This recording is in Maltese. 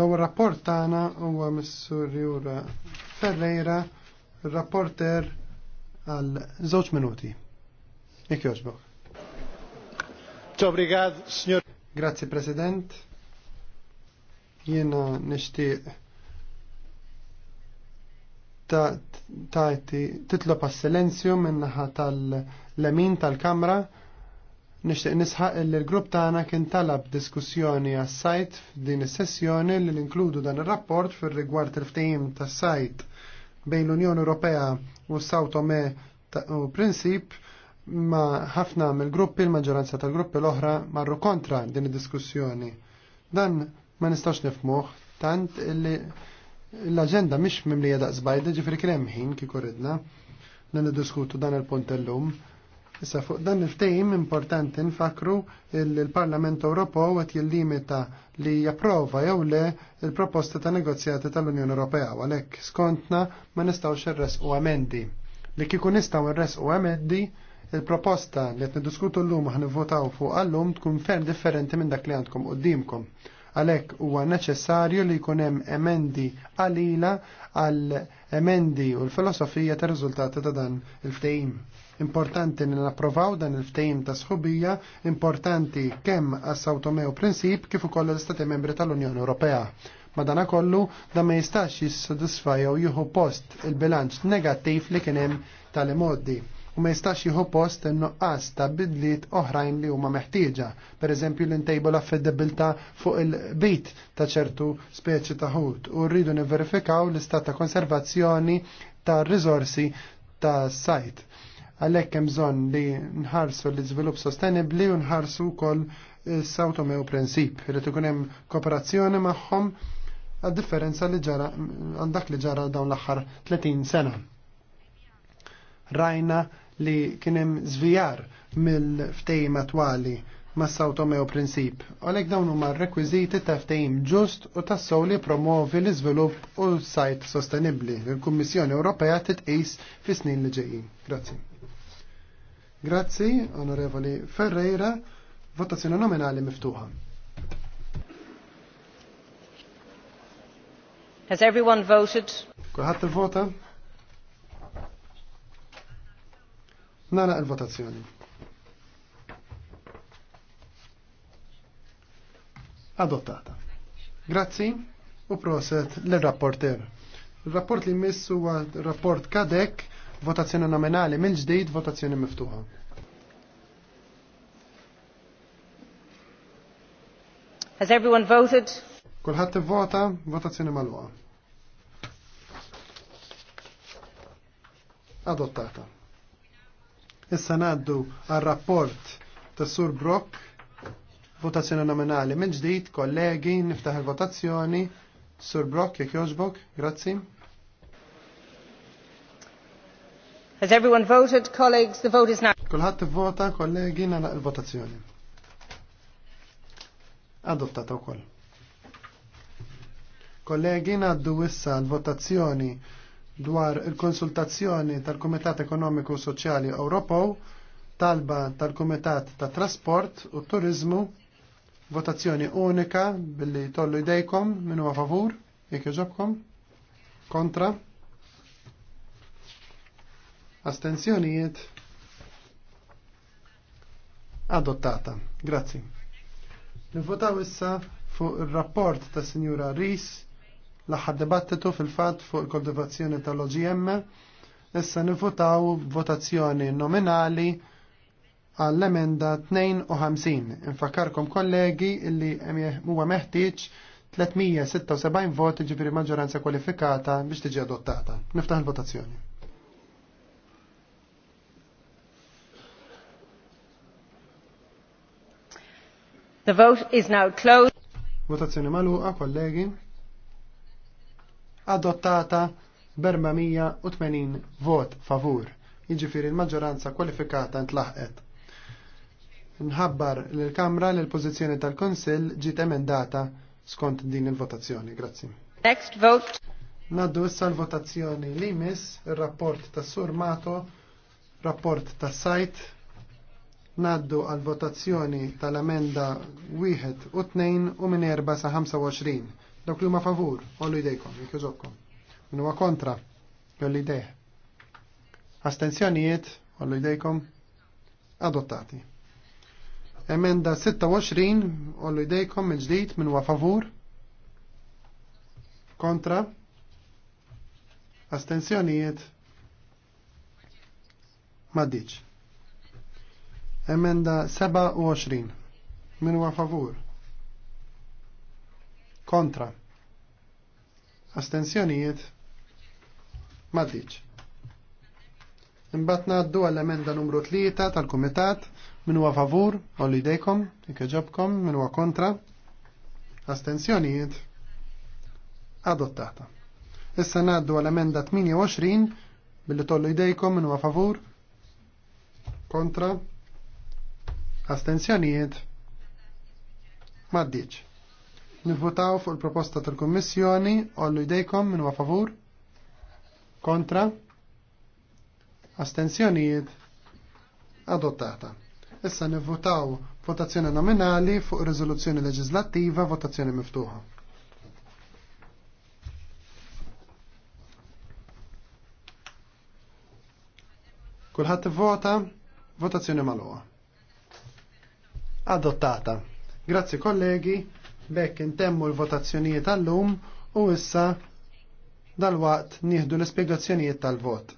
L-ewwel rapport tagħna huwa Missur Jura Ferreira, rapporter għal żewġ minuti. Jekk jogħġbok. Obrigado, signor. Grazzi, President. Jiena nixtieq ta' tajti titlob għas-silenzju minnaħa tal-lemin tal-Kamra Nixtieq nisħaq li l-grupp tagħna kien talab diskussjoni għas-sajt f'din is-sessjoni li inkludu dan ir-rapport fir-rigward il-ftehim tas-sajt bejn l-Unjoni Ewropea u Saw Tome u Prinsip ma ħafna mill-gruppi l-maġġoranza tal-gruppi l-oħra marru kontra din id-diskussjoni. Dan ma nistax nifmuh tant li l aġenda mhix mimlija daqsbajda ġifri hemm ħin kieku ridna. niddiskutu dan il-punt illum. Issa fuq dan il ftehim importanti nfakru il-Parlament Ewropew qed jillimita li japprova jew le il-proposta ta' negozjati tal-Unjoni Ewropea għalhekk skontna ma nistgħux irresqu amendi. Li kieku nistgħu irresqu amendi, il-proposta li qed niddiskutu llum aħna votaw fuq għallum tkun ferm differenti minn dak li għandkom qudiemkom. Għalhekk huwa neċessarju li jkun hemm emendi qalila għal emendi u l-filosofija ta' riżultati ta' dan il-ftehim. Importanti li napprovaw dan il-ftehim ta' sħubija, importanti kemm għas sawtomew prinsip kif ukoll l-Istati Membri tal-Unjoni Ewropea. Madana kollu da ma jistax jissodisfa jew jieħu post il-bilanċ negattiv li kien hemm tal-imoddi u ma jistax jieħu post in-nuqqas ta' bidliet oħrajn li huma meħtieġa, pereżempju l ntejbu l-affidabilità fuq il-bit ta' ċertu speċi ta' ħut u rridu nivverifikaw l-istat ta' konservazzjoni ta' rizorsi ta' sajt. Għalhekk hemm bżonn li nħarsu l-iżvilupp sostenibbli u nħarsu wkoll is-sawtomew prinsip. Irid ikun hemm kooperazzjoni magħhom għad-differenza li ġara għandak li ġara dawn l-aħħar 30 sena. Rajna li kienem zvijar mill-ftejim attwali ma' Sao Prinsip. Għalek dawn huma rekwiziti ta' ftejim ġust u tas-sow li promovi l-iżvilupp u sajt sostenibli. Il-Kummissjoni Ewropea titqis fi snin li ġejjin. Grazzi. Grazzi, Onorevoli Ferreira, votazzjoni nominali miftuħa. Has everyone voted? Kulħadd il-vota? Nara il-votazzjoni. Adottata. Grazzi u proset l-rapporter. Il-rapport li jmiss huwa rapport kadek, votazzjoni nominali mill-ġdid, votazzjoni miftuħa. Has everyone voted? Kulħadd ivvota, votazzjoni malwa. Adottata. Issa naddu għar-rapport tas Sur Brock, votazzjoni nominali. Minn ġdid, kollegi, niftaħ il-votazzjoni. Sur Brock, jekk jogħġbok, grazzi. Has everyone voted, colleagues? The vote is now. Kulħadd ivvota, kollegi, nana il-votazzjoni. Adottata wkoll. Kollegi, ngħaddu issa il votazzjoni dwar il-konsultazzjoni tal-Kumitat Ekonomiku Soċjali Ewropew, talba tal-Kumitat ta' Trasport u Turizmu, votazzjoni unika billi tollu idejkom minn huwa favur, jekk jogħġobkom, kontra, astenzjonijiet, adottata. Grazzi. Nivvotaw issa fuq il-rapport ta' Sinjura Ris l dibattitu fil-fatt fuq il-koltivazzjoni tal-OGM issa nifutaw votazzjoni nominali għall-emenda 52. Infakarkom kollegi illi huwa meħtieġ 376 voti ġifiri maġġoranza kwalifikata biex tiġi adottata. Niftaħ il-votazzjoni. The vote is now closed. Votazzjoni maluqa, kollegi adottata 480 vot favur, jiġifieri l-maġġoranza kwalifikata intlaħqet. Nħabbar l-Kamra l pożizzjoni tal konsil ġiet emendata skont din il-votazzjoni. Grazzi. Next vote. Naddu issa l-votazzjoni li jmiss ir-rapport tas Sur Mato, rapport tas sajt naddu għal votazzjoni tal-amenda 1 u 2 u minn 4 sa 25. Dawk li huma favur, ollu idejkom, jekk iżokkom. Min huwa kontra, jollu idej. Astenzjonijiet, ollu jdejkom, adottati. Emenda 26, ollu jdejkom il-ġdid, min huwa favur, kontra, astenzjonijiet, maddiċ. Emenda 27, min huwa favur, Kontra. Astenzjonijiet. Maddiċ. Imbatna naddu għall-emenda numru 3 tal-Kumitat min huwa favur, olli dejkom, ikkeġobkom, min huwa kontra. Astenzjonijiet. Adottata. Issa naddu għall-emenda 28 billi tollu idejkom min huwa favur, kontra, astenzjonijiet, maddiċ. Nivvotaw fuq il-proposta tal-Kommissjoni, ollu jdejkom minn wa favur, kontra, astenzjonijiet, adottata. Issa nivvotaw votazzjoni nominali fuq riżoluzzjoni leġislattiva, votazzjoni miftuħa. Kulħadd vota, votazzjoni maluħa. Adottata. Grazzi kollegi. Bekk intemmu l-votazzjonijiet tal-lum u issa dal-waqt nieħdu l-ispjegazzjonijiet tal-vot.